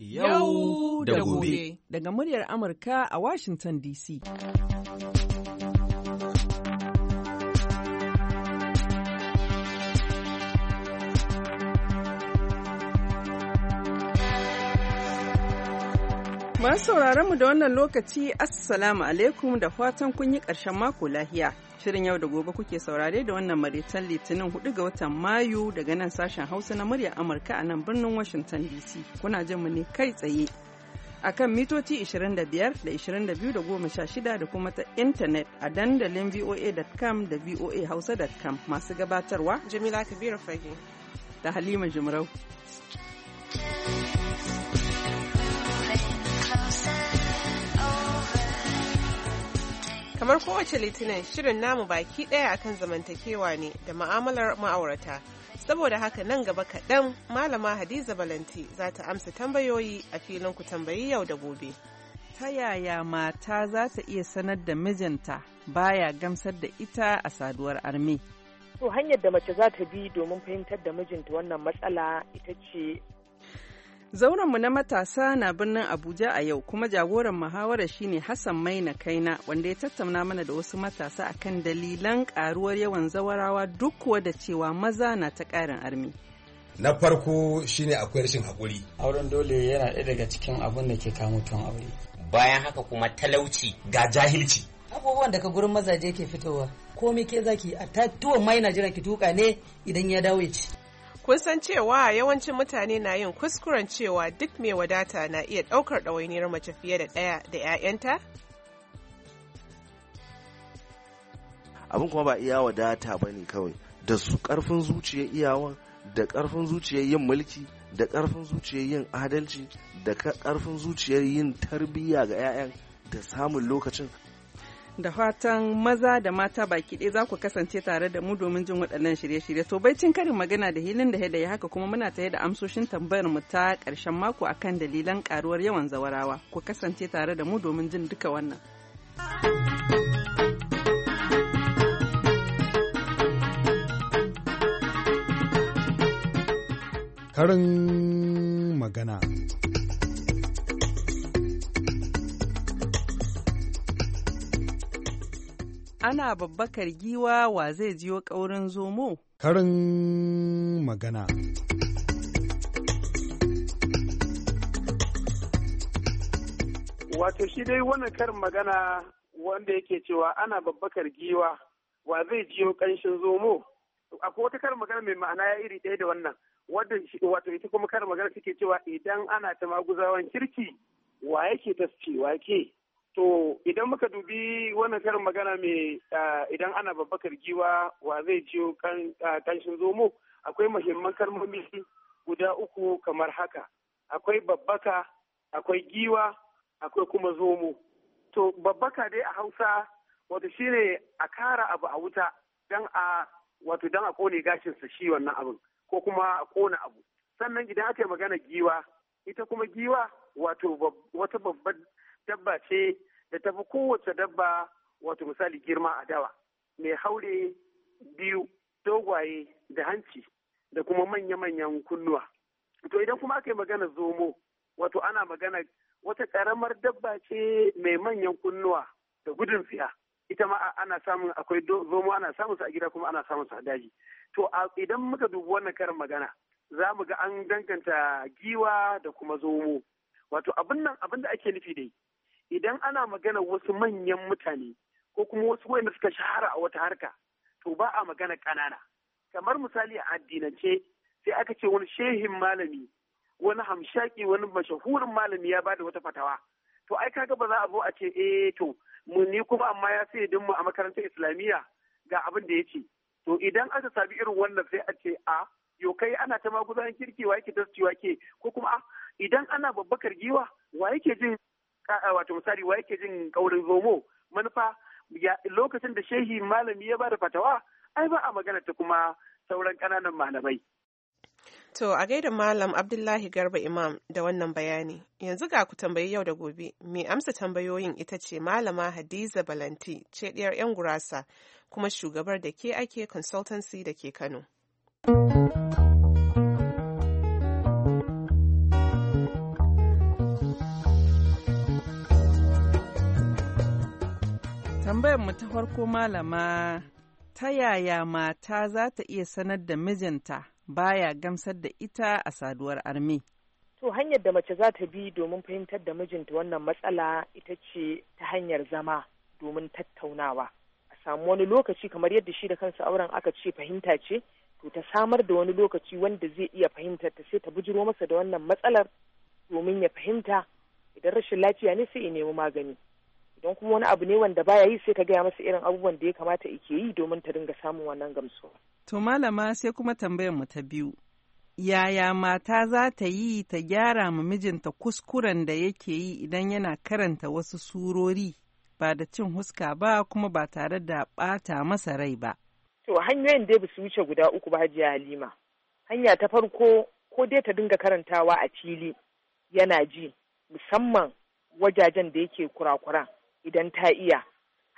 yau da gobe daga muryar Amurka a Washington DC. Masu sauraron mu da wannan lokaci, Assalamu alaikum da fatan kun yi ƙarshen mako lahiya. shirin yau da gobe kuke saurare da wannan maritan litinin 4 ga watan Mayu daga nan sashen Hausa na murya Amurka a nan birnin Washington DC. Kuna jin mu ne kai tsaye. A kan mitoci 25 da 22 da 16 da kuma ta intanet a dandalin voa.com da voahausa.com masu gabatarwa. Jamila Kabiru Fage. Da Halima Jumrau. Kamar kowace litinin shirin namu baki ɗaya akan zamantakewa ne da ma'amalar ma'aurata. Saboda haka nan gaba kaɗan Malama Hadiza Balanti za ta amsa tambayoyi a filin ku tambayi yau da gobe. Ta yaya mata za ta iya sanar da mijinta baya gamsar da ita a saduwar armi? To hanyar da mace za ta bi domin fahimtar da mijinta wannan matsala ita ce Zaurenmu na matasa na birnin Abuja a yau kuma jagoran muhawarar shine Hassan Maina Kaina wanda ya tattauna mana da wasu matasa a kan dalilan karuwar yawan zawarawa duk kuwa da cewa maza na ta ƙarin armi. Na farko shine akwai rashin haƙuri. Auren dole yana ɗaya daga cikin abin da ke kawo mutum aure. Bayan haka kuma talauci ga jahilci. Abubuwan daga gurin mazaje ke fitowa. Komai ke zaki a tuwon mai Najeriya ki tuka ne idan ya dawo ya ci. Kun san cewa yawancin mutane na yin kuskuren cewa duk mai wadata na iya ɗaukar ɗawainiyar mace fiye da ɗaya da 'ya'yanta? Abin kuma ba iya wadata ba ne kawai, da su ƙarfin zuciya iyawan, da ƙarfin zuciyar yin mulki, da ƙarfin zuciyar yin adalci, da ƙarfin zuciyar yin tarbiyya ga 'ya'yan, da samun lokacin da fatan maza da mata baki ɗaya za ku kasance tare da mu domin jin waɗannan shirye-shirye to bai karin magana da hilin da ya haka kuma muna tare da amsoshin tambayar mu ta ƙarshen mako akan dalilan ƙaruwar yawan zawarawa ku kasance tare da mu domin jin duka wannan karin magana ana babbakar giwa wa zai jiyo ƙaurin zomo? Karin magana. Wato shi dai wannan karin magana wanda yake cewa ana babbakar giwa wa zai jiyo ƙanshin zomo. Akwai wata karin magana mai ma'ana ya iri ɗaya da wannan. Wadda wato ita kuma karin magana take cewa idan ana ta maguzawan kirki wa yake tasce wa To idan muka dubi wannan karin magana mai eh, idan ana babbakar giwa wa zai jiyo kan eh, kanshin zomo akwai muhimman kalmomi guda uku kamar haka. Akwai babbaka, akwai giwa, akwai kuma zomo. To babbaka dai a Hausa wato shine a kara abu a wuta dan a wato dan a kone gashinsa shi wannan abin ko kuma a kona abu. Sannan idan aka yi magana giwa, ita kuma giwa wato wata babbar dabba ce da tafi kowace dabba wato misali girma a dawa mai haure biyu dogwaye da hanci da kuma manya-manyan kunnuwa to idan kuma aka yi magana zomo wato ana magana wata karamar dabba ce mai manyan kunnuwa da gudun fiya ita ma ana samun akwai zomo ana samun a gida kuma ana samun a daji to idan muka dubi wannan karin magana za mu ga an danganta giwa da kuma zomo wato abin nan abin da ake nufi dai idan ana magana wasu manyan mutane ko kuma wasu wanda suka shahara a wata harka to ba a magana ƙanana kamar misali a addinance sai aka ce wani shehin malami wani hamshaki wani mashahurin malami ya bada wata fatawa to ai kaga ba za a zo a ce eh to mu ni kuma amma ya sai dinmu a makarantar islamiyya ga abin da ya ce to idan aka sami irin wannan sai a ce a yo kai ana ta maguzan kirki wa yake tasciwa ke ko kuma a idan ana babbakar giwa wa yake jin wato misali wa yake jin kaurin zomo manufa lokacin da shehi malami ya ba da fatawa ai ba a magana ta kuma sauran ƙananan malamai. To a gaida Malam Abdullahi Garba Imam da wannan bayani, yanzu ga ku tambayi yau da gobe, mai amsa tambayoyin ita ce Malama Hadiza Balanti, ce ɗiyar 'yan gurasa, kuma shugabar da ke ake consultancy da ke Kano. mu ta farko malama ta yaya mata za ta iya sanar da mijinta baya gamsar da ita a saduwar armi. To hanyar da mace za ta bi domin fahimtar da mijinta wannan matsala ita ce ta hanyar zama domin tattaunawa. A samu wani lokaci kamar yadda shi da kansa auren aka ce fahimta ce, to ta samar da wani lokaci wanda zai iya fahimtar ta sai ta bujiro masa da wannan matsalar domin ya fahimta idan rashin lafiya ne sai ya nemi magani. idan kuma wani abu ne wanda baya yi sai ka gaya masa irin abubuwan da ya kamata ike yi domin ta dinga samun wannan gamsuwa. To malama sai kuma tambayar mu ta biyu. Yaya mata za ta yi ta gyara ma mijinta kuskuren da yake yi idan yana karanta wasu surori ba da cin huska ba kuma ba tare da ɓata masa rai ba. To hanyoyin da ba su wuce guda uku ba hajiya Halima. Hanya ta farko ko dai ta dinga karantawa a fili yana ji musamman wajajen da yake kurakuran idan ta iya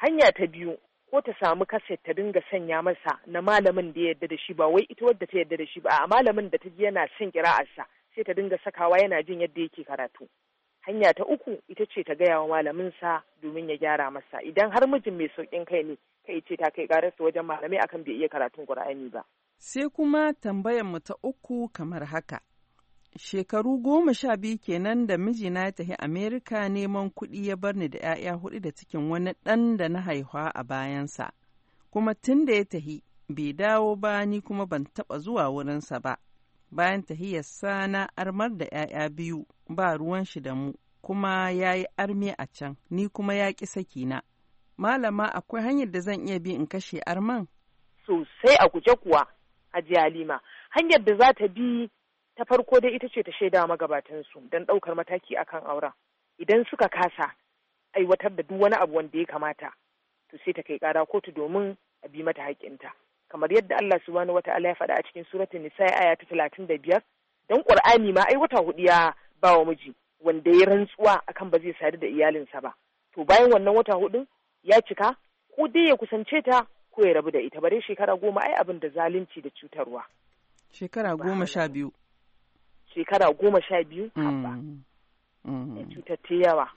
hanya ta biyu ko ta samu kaset ta dinga sanya masa na malamin da yadda da shi ba wai ita wadda ta yadda da shi ba a malamin da ta ji yana son kira'arsa sai ta dinga sakawa yana jin yadda yake karatu hanya ta uku ita ce ta gaya wa malaminsa domin ya gyara masa idan har mijin mai sauƙin kai ne kai ce ta kai su wajen malamai akan bai iya karatun ƙura'ani ba. Sai kuma tambayar mu ta uku kamar haka. Shekaru goma sha biyu kenan da mijina ya tafi Amerika neman kuɗi ya bar ni da 'ya'ya hudu da cikin wani ɗan da na haihuwa a bayansa. Kuma tun da ya tahi bai dawo ba ni kuma ban taɓa zuwa wurinsa ba. Bayan tahiyarsa na armar da 'ya'ya biyu ba ruwan shi da mu kuma ya yi arme a can ni kuma ya ƙi na. Malama akwai hanyar da zan iya bi in kashe arman? Sosai a guje kuwa a Halima. Hanyar da za ta bi ta farko dai ita ce ta shaida su don ɗaukar mataki akan auren idan suka kasa aiwatar da duk wani abu wanda ya kamata to sai ta kai kara kotu domin a bi mata haƙƙinta kamar yadda Allah subhanahu wata'ala ya faɗa a cikin suratul nisa aya ta talatin da biyar don ƙur'ani ma ai wata hudu ya ba wa miji wanda ya rantsuwa akan ba zai sadu da iyalinsa ba to bayan wannan wata hudun ya cika ko dai ya kusance ta ko ya rabu da ita bare shekara goma ai abin da zalunci da cutarwa shekara goma sha biyu shekara goma sha biyu mm. Mm. Eh, cutar yawa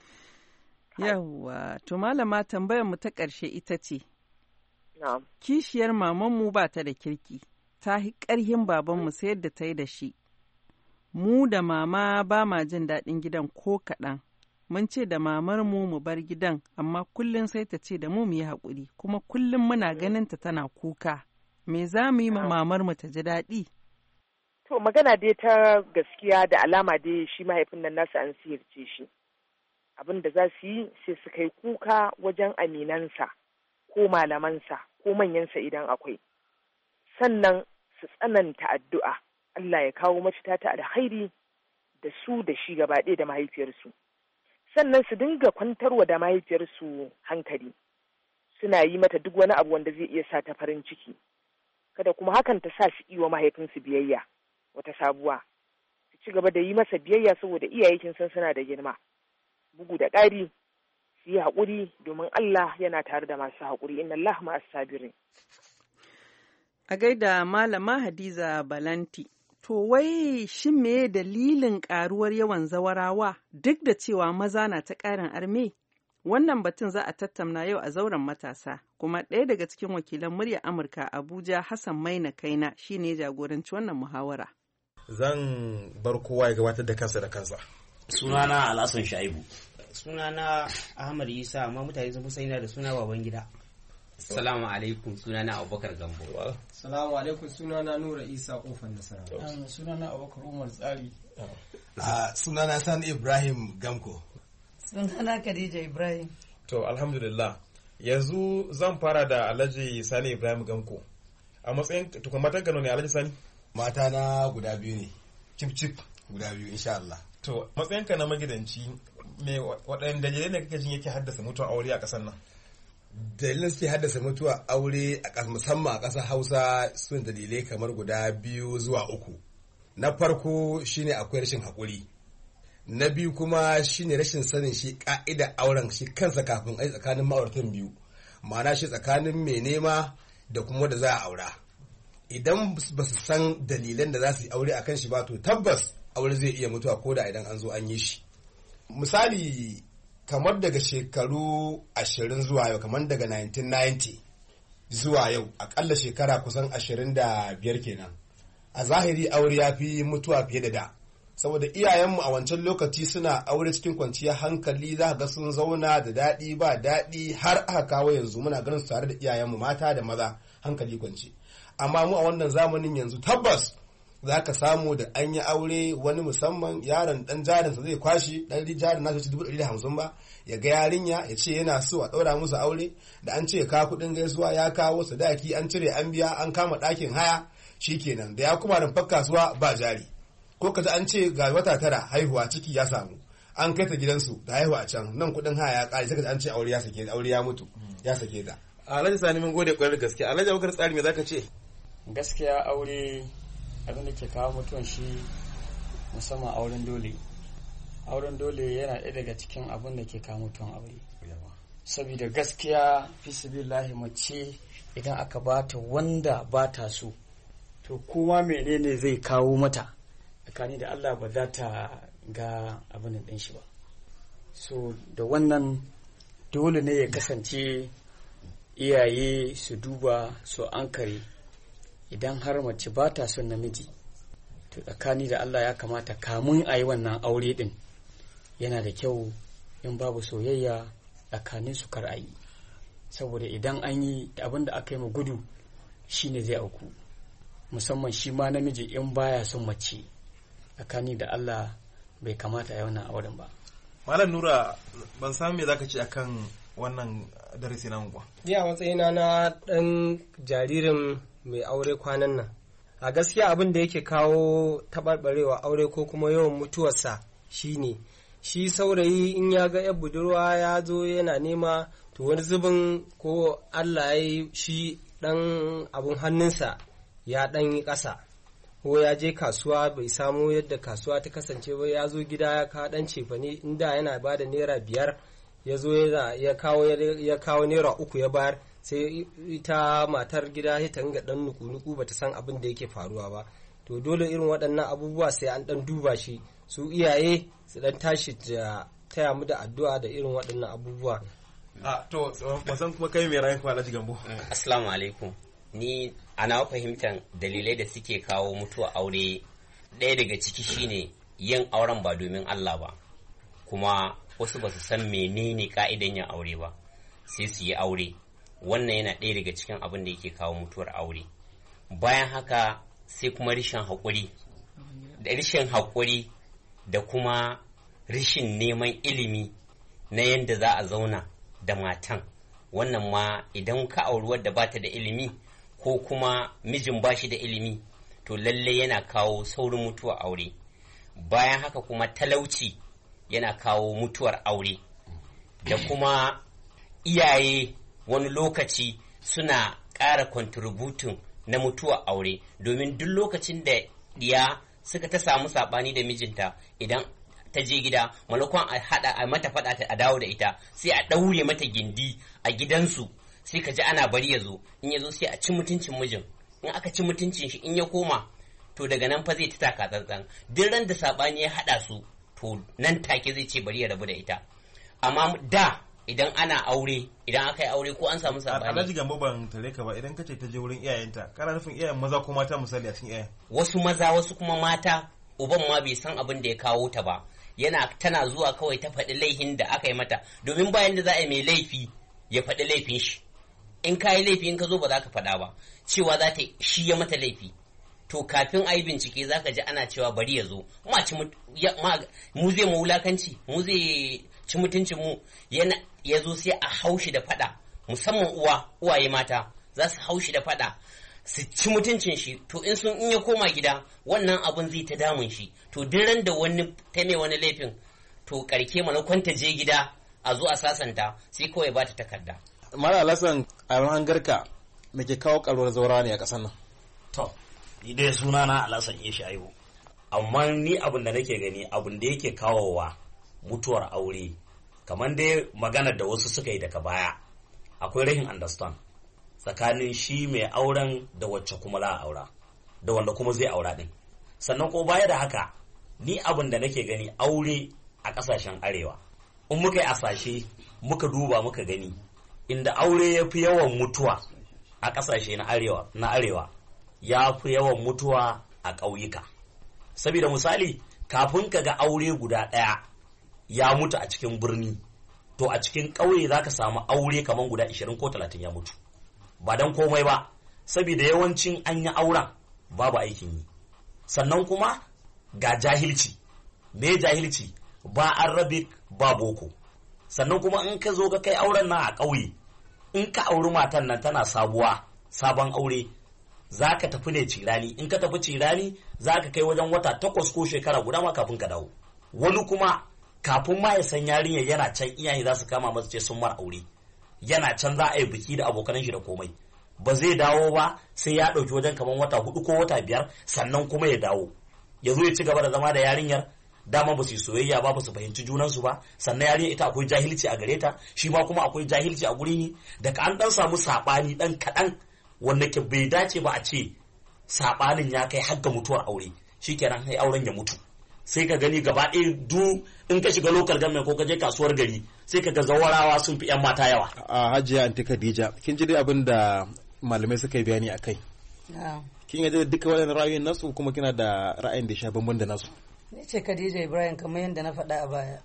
yawa to malama tambayar mu ta ƙarshe ita ce kishiyar mamanmu ba ta da kirki ta yi ƙarhin babanmu sai da ta yi da shi mu da mama ba ma jin daɗin gidan ko kaɗan mun ce da mamar mu mu bar gidan amma kullum sai ta ce da mu mu yi haƙuri kuma kullum muna mm. ganin ta tana kuka me za mu yi ma mamar mu ta ji daɗi To magana dai ta gaskiya da alama dai shi mahaifin nan nasu an siyarce shi. Abin da za su yi sai su kai kuka wajen aminansa ko malamansa ko manyansa idan akwai. Sannan su tsananta addu'a Allah ya kawo mafita ta alhairi da su da shi gaba ɗaya da mahaifiyarsu. Sannan su dinga kwantarwa da mahaifiyarsu hankali. Suna yi mata duk wani abu wanda zai iya sa ta farin ciki. Kada kuma hakan ta sa su iwa mahaifinsu biyayya. wata sabuwa su ci gaba da yi masa biyayya saboda iyayen sun san suna da girma bugu da ƙari su yi haƙuri domin Allah yana tare da masu haƙuri inna Allah ma'as sabirin a gaida malama Hadiza Balanti to wai shi me dalilin ƙaruwar yawan zawarawa duk da cewa maza na ta ƙarin arme wannan batun za a tattauna yau a zauren matasa kuma ɗaya daga cikin wakilan murya amurka abuja hassan maina kaina shine jagoranci wannan muhawara zan bar kowa ya gabatar da kansa da kansa sunana alhassan shaibu sunana ahmad isa amma mutane sun fi yana da suna baban gida Salamu alaikum sunana Abubakar Gambo. Salamu alaikum sunana Nura Isa Kofar Nasara. Ah, sunana Abubakar Umar Tsari. Ah, sunana San Ibrahim Gamko. Sunana Khadija Ibrahim. To alhamdulillah yanzu zan fara da Alhaji Sani Ibrahim Gamko. A matsayin tukwamatan gano ne Alhaji Sani? mata na guda biyu ne cip cip guda biyu insha Allah to matsayinka na magidanci me waɗanne dalilai ne kake jin yake haddasa mutuwa aure a ƙasar nan Dalilin suke haddasa mutuwa aure musamman a ƙasar hausa sun dalilai kamar guda biyu zuwa uku na farko shine akwai rashin haƙuri na biyu kuma shine rashin sanin shi ka'ida auren shi kansa kafin ai tsakanin ma'auratan biyu ma'ana shi tsakanin mai nema da kuma da za a aura idan ba su san dalilan da za su yi aure akan shi ba to tabbas aure zai iya mutuwa ko da idan an zo an yi shi misali kamar daga shekaru ashirin zuwa yau kamar daga 1990 zuwa yau akalla shekara kusan ashirin da biyar kenan a zahiri aure ya fi mutuwa fiye da da saboda iyayenmu a wancan lokaci suna aure cikin kwanciyar hankali za ga sun zauna da daɗi ba daɗi har aka kawo yanzu muna ganin su tare da iyayenmu mata da maza hankali kwanci amma mu a wannan zamanin yanzu tabbas za ka samu da an yi aure wani musamman yaron dan jarinsa zai kwashi dan jarin nasa dubu ɗari da hamsin ba ya ga yarinya ya ce yana so a ɗaura musu aure da an ce ka kuɗin gaisuwa ya kawo sadaki an cire an biya an kama ɗakin haya shikenan da ya kuma rumfar kasuwa ba jari ko kaji an ce ga wata tara haihuwa ciki ya samu an kai ta gidansu da haihuwa can nan kuɗin haya ya ƙare sai an ce aure ya sake aure ya mutu ya sake ta alhaji sani mun gode kwarar gaske alhaji abubakar tsari me zaka ce gaskiya aure abin da ke kawo mutuwan shi musamman auren dole auren dole yana ɗaya daga cikin abin da ke kawo mutuwan aure saboda gaskiya fi mace idan aka bata wanda ba ta so to kowa menene zai kawo mata tsakani da Allah ba za ta ga abin ɗin shi ba so da wannan dole ne ya kasance iyaye su duba su ankare idan har mace ba ta son namiji to tsakani da Allah ya kamata kamun a yi wannan aure din yana da kyau in babu soyayya tsakanin su kar a yi saboda idan an yi abin da aka yi ma gudu ne zai auku musamman shi ma namiji in baya son mace tsakani da Allah bai kamata ya wannan auren ba malam nura ban san me zaka ce akan wannan darasi na unguwa. matsayina na ɗan jaririn mai aure kwanan nan a gaskiya abin da yake kawo taɓarɓarewa aure ko kuma yawan mutuwarsa shine shi saurayi in ya ga 'yan budurwa ya zo yana nema to wani zubin ko allah ya yi shi ɗan abin hannunsa ya ɗan yi ƙasa ko ya je kasuwa bai samu yadda kasuwa ta kasance ba ya zo gida ya kawo ɗan cefane inda yana ba da naira biyar ya zo ya kawo naira uku ya bayar sai ita matar gida ya ta dan nuku-nuku ta san abin da yake faruwa ba to dole irin waɗannan abubuwa sai an dan duba shi su iyaye su dan tashi da taya mu da addu'a da irin waɗannan abubuwa a to wasan kuma kai mai rayuwa Alhaji Gambo assalamu alaikum ni ana fahimtar dalilai da suke kawo mutuwa aure ɗaya daga ciki shine yin auren ba domin Allah ba kuma wasu ba su san menene ka'idan yin aure ba sai su yi aure wannan yana ɗaya daga cikin abin da yake kawo mutuwar aure bayan haka sai kuma rishin haƙuri da rishin haƙuri da kuma rishin neman ilimi na yadda za a zauna da matan wannan ma idan ka auri wadda ta da ilimi ko kuma mijin ba shi da ilimi to lallai yana kawo saurin mutuwar aure bayan haka kuma talauci yana kawo mutuwar aure da kuma iyaye wani lokaci suna ƙara contributing na mutuwa aure domin duk lokacin da ya suka ta samu saɓani da mijinta idan ta je gida malakon a hada a mata fada a dawo da ita sai a ɗaure mata gindi a gidansu sai ka ji ana bari ya zo in ya zo sai a ci mutuncin mijin in aka ci mutuncin shi in ya koma to daga nan fa zai ta taka tsantsan duk ran da saɓani ya haɗa su to nan take zai ce bari ya rabu da ita amma da idan ana aure idan aka yi aure ko an samu sabani alhaji gambo ban tare ka ba idan kace ta je wurin iyayenta kana nufin iyayen maza ko mata misali a cikin iyayen wasu maza wasu kuma mata uban ma bai san abin da ya kawo ta ba yana tana zuwa kawai ta faɗi laifin da aka yi mata domin bayan da za a yi mai laifi ya faɗi laifin shi in ka yi laifi in ka zo ba za ka faɗa ba cewa za ta shi ya mata laifi to kafin a yi bincike za ka ji ana cewa bari ya zo mu zai mu wulakanci mu zai ci mutuncin mu ya zo sai a haushi da fada musamman uwa uwaye mata za su haushi da fada su ci mutuncin shi to in sun in ya koma gida wannan abun zai ta damun shi to duk da wani ta mai wani laifin to karke malakon ta je gida a zo a sasanta sai kawai ba ta takarda mara lasan a hangarka me ke kawo karuwar zaura ne a ƙasar nan to ni dai suna na alasan ishayu amma ni abin da nake gani abin da yake kawowa mutuwar aure kamar dai maganar da wasu suka yi daga baya akwai rahin understand tsakanin shi mai auren da wacce kuma za a aura da wanda kuma zai aura din sannan ko baya da haka ni abin da nake gani aure a kasashen arewa in muka yi asashe muka duba muka gani inda aure ya fi yawan mutuwa a kasashe na arewa na arewa ya fi yawan mutuwa a ƙauyuka saboda misali kafin ka ga aure guda ɗaya ya mutu a cikin birni to a cikin ƙauye za ka samu aure kamar guda 20 ko 30 ya mutu ba don komai ba saboda yawancin an yi auren babu aikin yi sannan kuma ga jahilci me jahilci ba arabic ba boko sannan kuma in ka zo ka kai auren nan a ƙauye in ka auri matan nan tana sabuwa sabon aure za ka tafi ne cirani in ka tafi cirani za ka kai wajen wata takwas ko shekara guda ma kafin ka dawo wani kuma kafin ma ya san yarinyar yana can iyaye za su kama masa ce sun mara aure yana can za a yi biki da abokanan shi da komai ba zai dawo ba sai ya ɗauki wajen kamar wata hudu ko wata biyar sannan kuma ya dawo ya zo ya ci gaba da zama da yarinyar dama ba su yi soyayya ba ba su fahimci junansu ba sannan yarinyar ita akwai jahilci a gare ta shi ma kuma akwai jahilci a gurin yi daga an dan samu saɓani ɗan kaɗan wanda ke bai dace ba a ce saɓanin ya kai har ga mutuwar aure Shi shikenan sai auren ya mutu sai ka gani gaba ɗaya du in ka shiga lokal government ko ka je kasuwar gari sai ka ga zawarawa sun fi 'yan mata yawa. A hajiya anti Khadija kin ji dai abin da malamai suka yi bayani a kai. Kin yadda duka waɗannan ra'ayoyin nasu kuma kina da ra'ayin da ya sha bambam da nasu. Ni ce Khadija Ibrahim kamar yadda na faɗa a baya.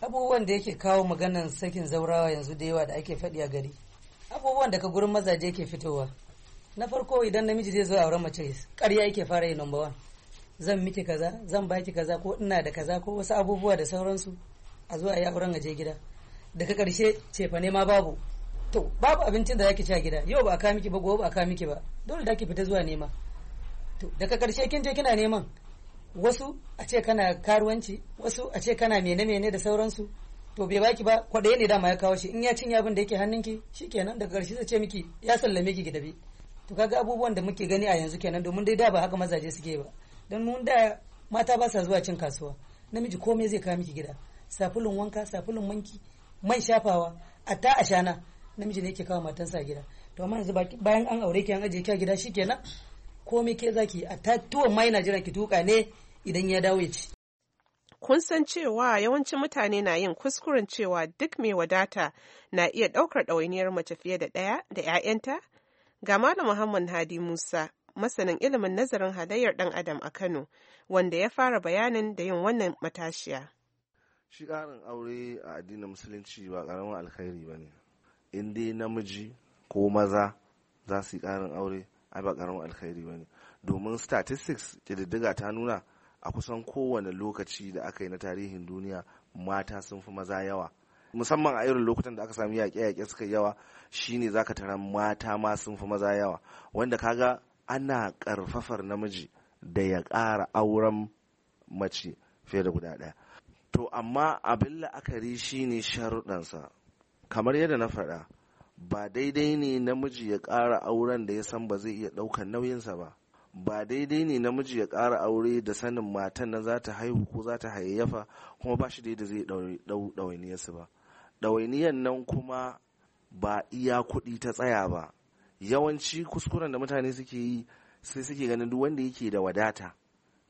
Abubuwan da yake kawo maganan sakin zaurawa yanzu da yawa da ake faɗi a gari. Abubuwan daga gurin mazaje ke fitowa. Na farko idan namiji zai zo a auren mace ƙarya yake fara yi number one. zan miki kaza zan baki kaza ko ina da kaza ko wasu abubuwa da sauransu a zuwa auren a je gida daga karshe cefa ne ma babu to babu abincin da zaki ci a gida yau ba a ka miki ba gobe ba a ka miki ba dole da ki fita zuwa nema to daga karshe kin je kina neman wasu a ce kana karuwanci wasu a ce kana mene mene da sauransu to bai baki ba kwaɗaya ne dama ya kawo shi in ya cinye abin da yake hannunki shikenan daga karshe zai ce miki ya sallame ki gida bi to kaga abubuwan da muke gani a yanzu kenan domin dai da ba haka mazaje suke ba don mun da mata ba sa zuwa cin kasuwa namiji komai zai kawo miki gida sabulun wanka sabulun wanki man shafawa atta ashana namiji ne yake kawo matansa gida to amma yanzu bayan an aure ki an aje ki a gida shikenan komai ke zaki atta tuwa mai na ki tuka ne idan ya dawo ya ci kun san cewa yawancin mutane na yin kuskuren cewa duk mai wadata na iya ɗaukar ɗawainiyar mace fiye da ɗaya da 'ya'yanta? Ga Malam Muhammad Hadi Musa masanin ilimin nazarin halayyar ɗan adam a Kano, wanda ya fara bayanin da yin wannan matashiya. Shi ƙarin aure a addinin musulunci ba ƙaramin alkhairi ba ne. In dai namiji ko maza za su yi ƙarin aure, ai ba ƙaramin alkhairi ba ne. Domin statistics ƙididdiga ta nuna a kusan kowane lokaci da aka yi na tarihin duniya mata sun fi maza yawa. musamman a irin lokutan da aka sami yaƙe-yaƙe suka yawa shine zaka tara mata ma sun fi maza yawa wanda kaga ana ƙarfafar namiji da ya ƙara auren mace fiye da guda ɗaya to amma abin la'akari shi ne sharuɗansa kamar yadda na faɗa ba daidai ne namiji ya ƙara auren da ya san ba zai iya ɗaukar nauyinsa ba ba daidai ne namiji ya ƙara aure da sanin matan na za ta haihu ko za ta hayayyafa kuma ba shi da zai ɗawainiyarsu ba ɗawainiyar nan kuma ba iya kuɗi ta tsaya ba yawanci kuskuren da mutane suke yi sai suke ganin duk wanda yake da wadata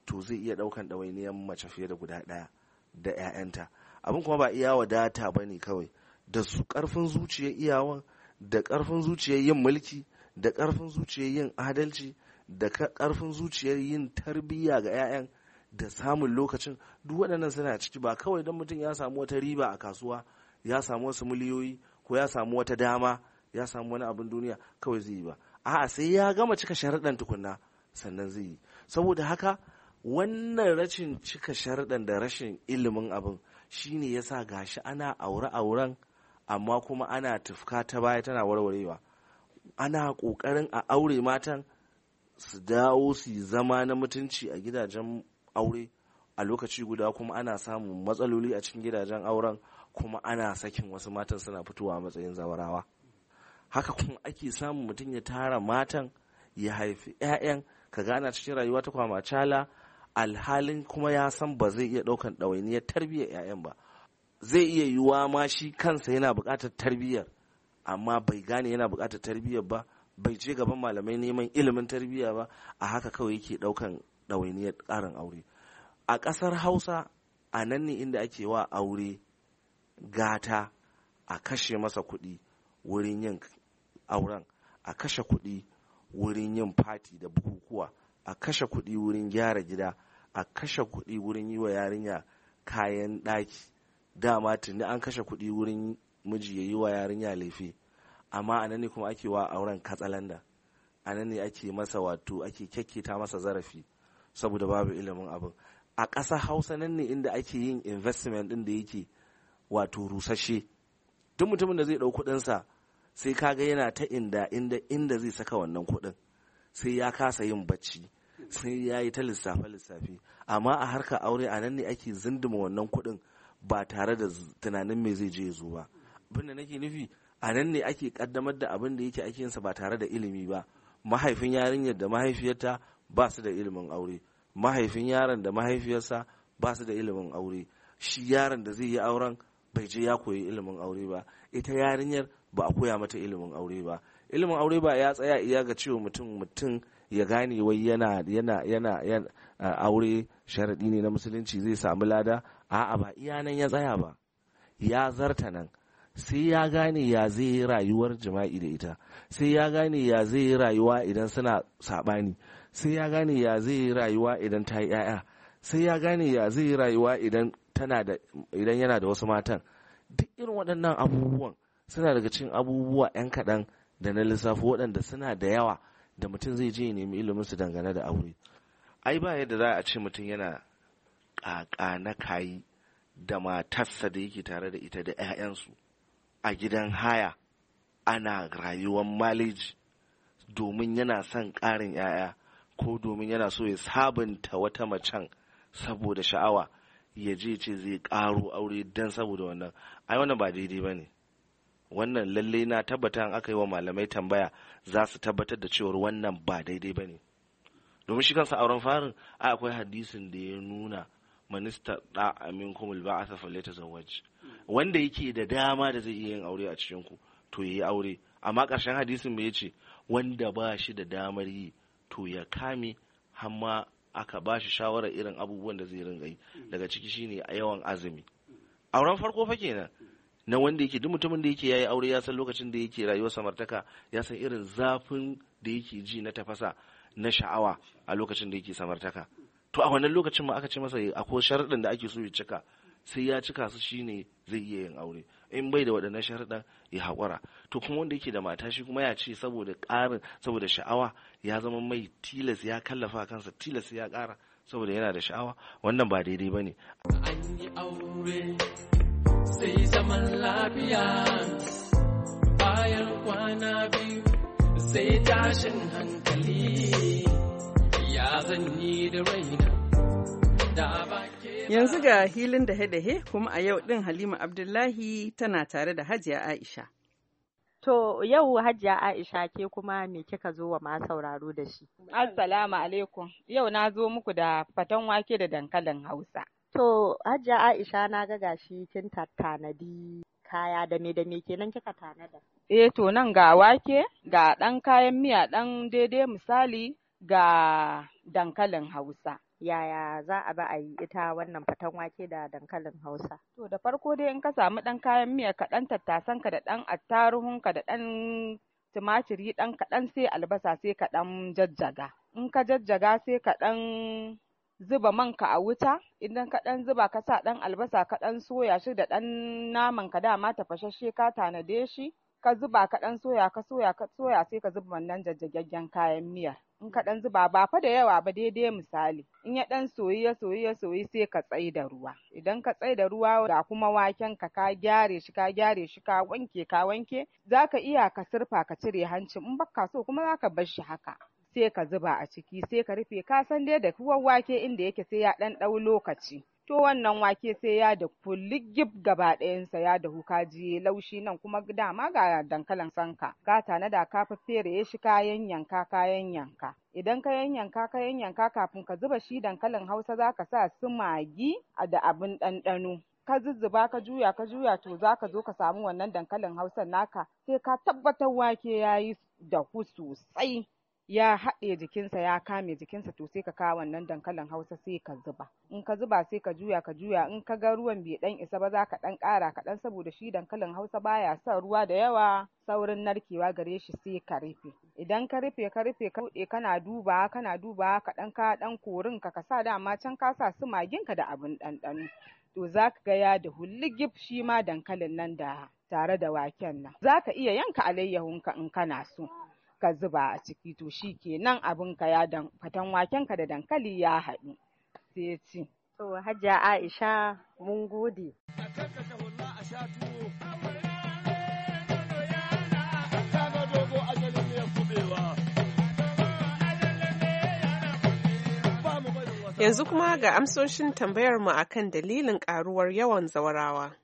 to zai iya ɗaukan ɗawainiyar mace fiye da guda ɗaya da 'ya'yanta abin kuma ba iya wadata ba ne kawai da su ƙarfin zuciyar iyawan da ƙarfin zuciyar yin mulki da ƙarfin zuciyar yin adalci da ƙarfin zuciyar yin tarbiyya ga 'ya'yan da samun lokacin duk waɗannan suna ciki ba kawai don mutum ya samu wata riba a kasuwa ya samu wasu miliyoyi ko ya samu wata dama ya samu wani abin duniya kawai zai yi ba a'a sai ya gama cika sharaɗan tukunna sannan zai yi saboda haka wannan rashin cika sharaɗan da rashin ilimin abin shine yasa gashi ana aure auren amma kuma ana tufka ta baya tana warwarewa ana ƙoƙarin a aure matan su dawo su zama na mutunci a gidajen aure a lokaci guda kuma ana samun matsaloli a cikin gidajen auren kuma ana sakin wasu matan suna fitowa matsayin zawarawa haka kuma ake samun mutum ya tara matan ya haifi 'ya'yan ka gana cikin rayuwa ta kwama cala alhalin kuma ya san ba zai iya ɗaukan ɗawainiyar tarbiyyar 'ya'yan ba zai iya yiwuwa ma shi kansa yana buƙatar tarbiyyar amma bai gane yana buƙatar tarbiyyar ba bai je gaban malamai neman ilimin tarbiyya ba a haka kawai yake ɗaukan ɗawainiyar ƙarin aure a ƙasar hausa a nan ne inda ake wa aure gata a kashe masa kuɗi wurin yin auren a kashe kuɗi wurin yin fati da bukukuwa a kashe kuɗi wurin gyara gida a kashe kuɗi wurin yi wa yarinya kayan ɗaki dama tuni an kashe kuɗi wurin miji ya yi wa yarinya laifi amma a nan ne kuma ake wa auren katsalanda a nan ne ake masa wato ake kyakketa masa zarafi saboda babu ilimin abin a ƙasa hausa nan ne inda ake yin investment ɗin da yake wato rusashe duk mutumin da zai ɗau kuɗinsa sai kaga yana ta inda inda inda zai saka wannan kuɗin sai ya kasa yin bacci sai ya yi ta lissafe lissafe amma a harka aure a nan ne ake zinduma wannan kuɗin ba tare da tunanin me zai je ya zo ba abin nake nufi a nan ne ake kaddamar da abin da yake ake yinsa ba tare da ilimi ba mahaifin yarinyar da mahaifiyarta ba su da ilimin aure mahaifin yaron da mahaifiyarsa ba su da ilimin aure shi yaron da zai yi auren bai je ya koyi ilimin aure ba ita yarinyar ba a koya mata ilimin aure ba ilimin aure ba ya tsaya iya ga cewa mutum mutum ya gane wai yana yana yana aure sharaɗi ne na musulunci zai samu lada a'a ba iya nan ya tsaya ba ya zarta nan sai ya gane ya zai yi rayuwar jima'i da ita sai ya gane ya zai yi rayuwa idan suna saɓani sai ya gane ya zai yi rayuwa idan ta yi 'ya'ya sai ya gane ya zai yi rayuwa idan yana da wasu matan duk irin waɗannan abubuwan suna daga cikin abubuwa 'yan kaɗan da na lissafi waɗanda suna da yawa da mutum zai je ya nemi ilimin su dangane da aure ai ba yadda za a ce mutum yana ƙaƙa na kayi da matarsa da yake tare da ita da 'ya'yansu a gidan haya ana rayuwar maleji domin yana son ƙarin 'ya'ya ko domin yana so ya sabunta wata macen saboda sha'awa ya je ce zai ƙaro aure don saboda wannan ai wannan ba daidai ba ne wannan lalle na tabbata aka yi wa malamai tambaya za su tabbatar da cewar wannan ba daidai ba ne domin shi kansa auren farin akwai hadisin da ya nuna minista da amin kumul ba safalle ta zawaj wanda yake da dama da zai iya yin aure a cikin ku to yi aure amma karshen hadisin mai ce wanda ba shi da damar yi to ya kame hamma aka ba shi shawarar irin abubuwan da zai ringa yi daga ciki shine yawan azumi auren farko fa kenan na wanda yake duk mutumin da yake yayi aure ya san lokacin da yake rayuwar samartaka ya san irin zafin da yake ji na tafasa na sha'awa a lokacin da yake samartaka to a wannan lokacin ma aka ce masa akwai sharuɗin da ake so ya cika sai ya cika su shine zai iya yin aure in bai da waɗannan sharuɗan ya haƙura to kuma wanda yake da mata shi kuma ya ce saboda ƙarin saboda sha'awa ya zama mai tilas ya kallafa kansa tilas ya ƙara saboda yana da sha'awa wannan ba daidai ba ne. An yi aure sai zaman lafiya bayan kwana biyu sai tashin hankali ya zanyi da raina yanzu ga hilin da he kuma a yau din halima abdullahi tana tare da hajiya aisha To yau Hajiya Aisha ke kuma me kika zo wa ma sauraro da shi? Assalamu alaikum. Yau na zo muku da faten wake da dankalin Hausa. To Hajiya Aisha na ga gashi kin tattanadi kaya da me da me kenan kika tanada. Eh to nan ga wake, ga ɗan kayan miya ɗan daidai misali ga dankalin Hausa. Yaya za a ba a yi ita wannan fatan wake da dankalin Hausa? To da farko dai in ka samu ɗan kayan miya ka ɗan tattasanka da ɗan ka da ɗan tumatiri ɗan kaɗan sai albasa sai ka ɗan jajjaga. In ka jajjaga sai ka ɗan zuba manka a wuta idan ka ɗan zuba ka sa ɗan albasa ka ɗan soya shi da ɗan naman ka dama tafashashe ka tanade shi ka zuba ka ɗan soya ka soya ka soya sai ka zuba wannan jajjagaggen kayan miya. in ka ɗan zuba ba fa da yawa ba daidai misali in ya ɗan soyi ya soyi ya soyi sai ka tsai da ruwa idan ka tsai da ruwa ga kuma waken ka ka gyare shi ka gyare shi ka wanke ka wanke zaka iya ka surfa ka cire hanci, in baka so kuma zaka bar shi haka sai ka zuba a ciki sai ka rufe ka san dai da ruwan wake inda yake sai ya ɗan ɗau lokaci to wannan wake sai ya da kulli gib gaba ɗayansa ya dahu kaji laushi nan kuma dama ga dankalin sanka ka da ka fere shi kayan yanka kayan yanka idan ka 'yan-yanka ka 'yan-yanka kafin ka zuba shi dankalin hausa za ka sa su magi a da abin ɗanɗano ka zuzzuba ka juya ka juya to za ka zo ka samu wannan dankalin Hausa naka sai ka tabbatar wake ya yi dahu sosai ya haɗe jikinsa ya kame jikinsa to sai ka kawo wannan dankalin hausa sai ka zuba in ka zuba sai ka juya ka juya in ka ga ruwan bai dan isa ba za ka dan ƙara kaɗan saboda shi dankalin hausa baya son ruwa da yawa saurin narkewa gare shi sai ka rufe idan ka rufe ka rufe ka buɗe kana duba kana duba ka dan ka dan korin ka ka sa dama can ka sa su maginka da abin ɗanɗano to za ka ga ya da gif shi ma dankalin nan da tare da waken nan za ka iya yanka alayyahunka in kana so ka zuba a ciki to shi kenan abin ka ya dan fatan waken da dankali ya haɗu sai ya ci. To Hajiya Aisha mun gode. Yanzu kuma ga amsoshin tambayar mu akan dalilin karuwar yawan zawarawa.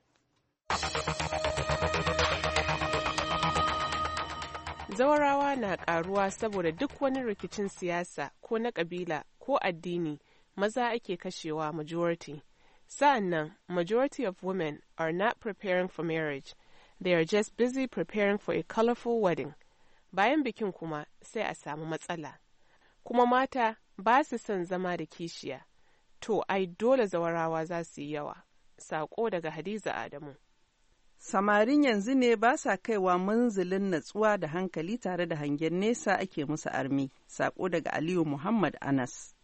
zawarawa na karuwa saboda duk wani rikicin siyasa ko na kabila ko addini maza ake kashewa majority sa'annan majority of women are not preparing for marriage they are just busy preparing for a colorful wedding bayan bikin kuma sai a samu matsala kuma mata ba su son zama da kishiya to ai dole zawarawa za su yi yawa saƙo daga hadiza adamu Samarin yanzu ne ba sa kaiwa munzulin natsuwa da hankali tare da hangen nesa ake musu armi, sako daga Aliyu Muhammad Anas.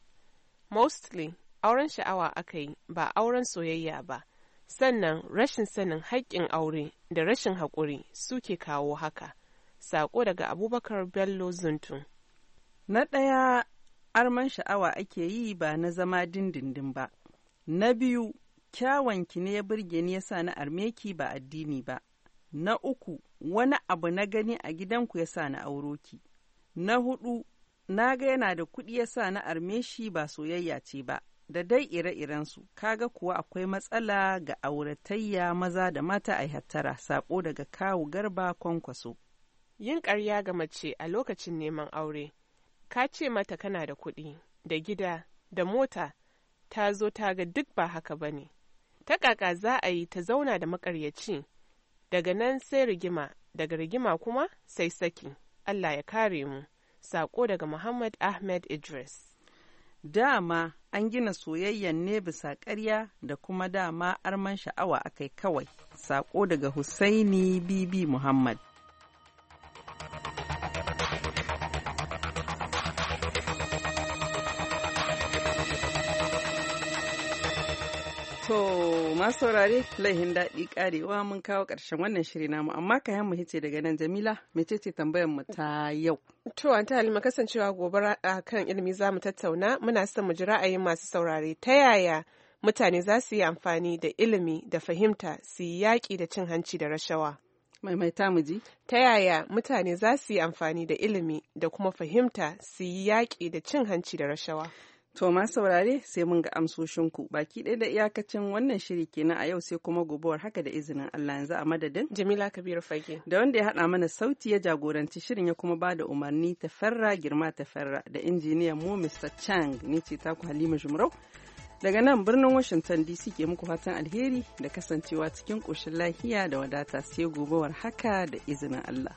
Mostly, auren sha'awa aka yi ba auren soyayya ba, sannan rashin sanin haƙƙin aure da rashin haƙuri suke kawo haka, sako daga Abubakar Bello Zuntun. Na ɗaya, arman sha'awa ake yi ba na zama dindindin ba. Na biyu, kyawanki ne ya burge ni yasa na armeki ba addini ba. Na uku, wani abu na gani a gidanku yasa na auro ki. Na hudu, na ga yana da kuɗi yasa na arme shi ba soyayya ce ba. Da dai ire-irensu, kaga kuwa akwai matsala ga auratayya maza da mata a hattara, saƙo daga kawu garba kwankwaso. Yin ƙarya ga mace a lokacin neman aure, ka ce mata kana da kuɗi, da gida, da mota, ta zo ta ga duk ba haka ba ne. ta kaka za a yi ta zauna da makaryaci daga nan sai rigima daga rigima kuma sai saki Allah ya kare mu sako daga Muhammad Ahmed Idris dama an gina soyayyan ne bisa ƙarya da kuma dama arman sha'awa akai kawai sako daga Husaini Bibi Muhammad To masu saurare laihin daɗi karewa mun kawo ƙarshen wannan shiri namu amma ka mu hice daga nan Jamila mecece tambayar mu ta yau. To an ta halima kasancewa gobe a kan ilimi za mu tattauna muna son mu ji ra'ayin masu saurare ta yaya mutane za su yi amfani da ilimi da fahimta su yi yaƙi da cin hanci da rashawa. Maimaita mu ji. Ta yaya mutane za su yi amfani da ilimi da kuma fahimta su yi yaƙi da cin hanci da rashawa. To ma saurare sai mun ga amsoshinku baki ɗaya da iyakacin wannan shiri kenan a yau sai kuma gobuwar haka da izinin Allah yanzu a madadin. Jamila Kabiru Fage. Da wanda ya haɗa mana sauti ya jagoranci shirin ya kuma ba da umarni ta farra girma ta farra da injiniyan mu Mr. Chang ne ce ta ku Halima Jumrau. Daga nan birnin Washington DC ke muku fatan alheri da kasancewa cikin ƙoshin lafiya da wadata sai gobawar haka da izinin Allah.